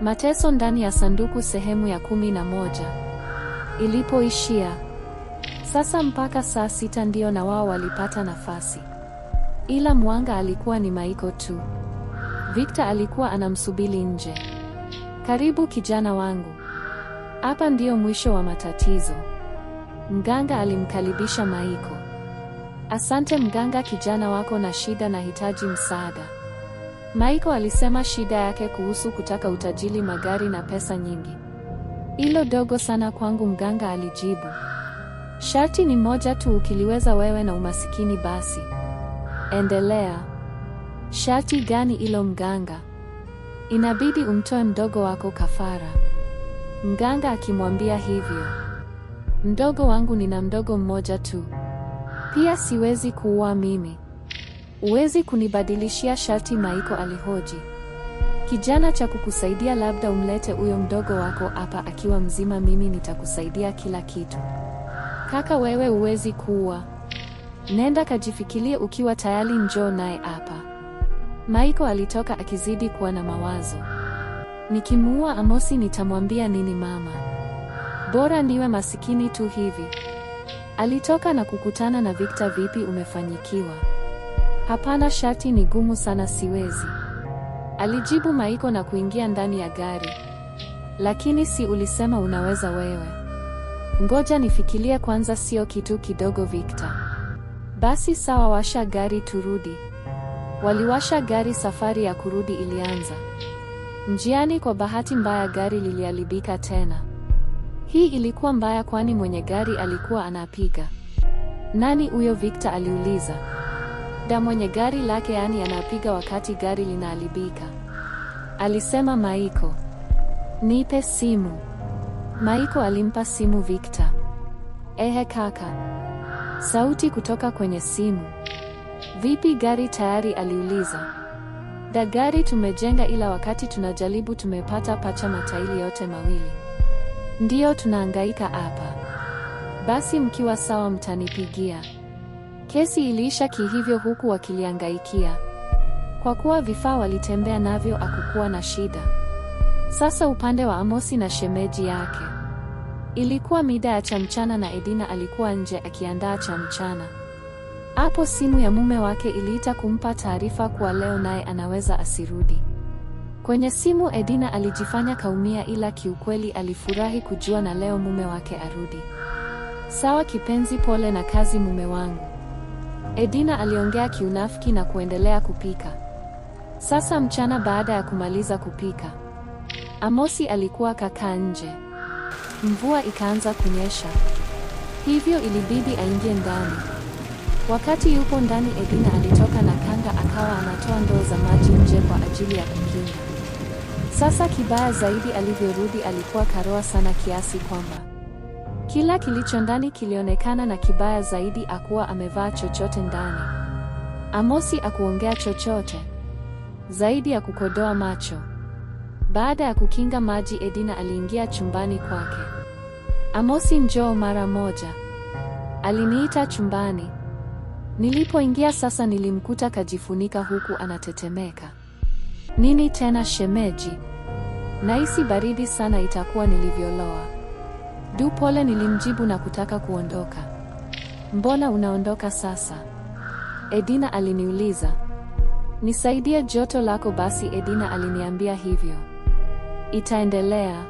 Mateso ndani ya sanduku sehemu ya kumi na moja. Ilipoishia sasa, mpaka saa sita ndio na wao walipata nafasi, ila mwanga alikuwa ni Maiko tu. Victor alikuwa anamsubiri nje. Karibu kijana wangu, hapa ndio mwisho wa matatizo. Mganga alimkaribisha Maiko. Asante mganga, kijana wako na shida, nahitaji msaada. Maiko alisema shida yake kuhusu kutaka utajili, magari na pesa nyingi. Hilo dogo sana kwangu, mganga alijibu. Sharti ni moja tu, ukiliweza wewe na umasikini basi. Endelea. Sharti gani hilo mganga? Inabidi umtoe mdogo wako kafara. Mganga akimwambia hivyo, mdogo wangu, nina mdogo mmoja tu, pia siwezi kuua mimi. Uwezi kunibadilishia sharti, Maiko alihoji. Kijana cha kukusaidia, labda umlete huyo mdogo wako hapa akiwa mzima, mimi nitakusaidia kila kitu. Kaka wewe uwezi kuwa, nenda kajifikilie ukiwa tayari njoo naye hapa. Maiko alitoka akizidi kuwa na mawazo. Nikimuua Amosi nitamwambia nini mama? Bora niwe masikini tu hivi. Alitoka na kukutana na Victor. Vipi, umefanyikiwa? Hapana, shati ni gumu sana, siwezi, alijibu Maiko na kuingia ndani ya gari. Lakini si ulisema unaweza wewe? Ngoja nifikirie kwanza, sio kitu kidogo, Victor. Basi sawa, washa gari turudi. Waliwasha gari, safari ya kurudi ilianza. Njiani kwa bahati mbaya gari liliharibika tena. Hii ilikuwa mbaya kwani mwenye gari alikuwa anapiga. Nani huyo Victor? aliuliza. Da mwenye gari lake yaani anapiga wakati gari linaharibika. Alisema Maiko. Nipe simu. Maiko alimpa simu Victor. Ehe kaka. Sauti kutoka kwenye simu. Vipi gari tayari? Aliuliza. Da, gari tumejenga, ila wakati tunajaribu tumepata pacha matairi yote mawili, ndiyo tunaangaika hapa. Basi mkiwa sawa mtanipigia. Kesi iliisha kihivyo huku wakiliangaikia Kwa kuwa vifaa walitembea navyo akukuwa na shida. Sasa upande wa Amosi na shemeji yake. Ilikuwa mida ya chamchana na Edina alikuwa nje akiandaa chamchana. Hapo simu ya mume wake iliita kumpa taarifa kuwa leo naye anaweza asirudi. Kwenye simu Edina alijifanya kaumia ila kiukweli alifurahi kujua na leo mume wake arudi. Sawa kipenzi, pole na kazi mume wangu. Edina aliongea kiunafiki na kuendelea kupika. Sasa mchana baada ya kumaliza kupika, Amosi alikuwa kakaa nje. Mvua ikaanza kunyesha, hivyo ilibidi aingie ndani. Wakati yupo ndani, Edina alitoka na kanga akawa anatoa ndoo za maji nje kwa ajili ya kukinga. Sasa kibaya zaidi, alivyorudi alikuwa karoa sana kiasi kwamba kila kilicho ndani kilionekana na kibaya zaidi akuwa amevaa chochote ndani. Amosi akuongea chochote zaidi ya kukodoa macho. Baada ya kukinga maji, Edina aliingia chumbani kwake. Amosi, njoo mara moja, aliniita chumbani. Nilipoingia sasa, nilimkuta kajifunika huku anatetemeka. Nini tena shemeji? Nahisi baridi sana, itakuwa nilivyoloa. Du pole, nilimjibu na kutaka kuondoka. Mbona unaondoka sasa? Edina aliniuliza. Nisaidie joto lako basi, Edina aliniambia hivyo. Itaendelea.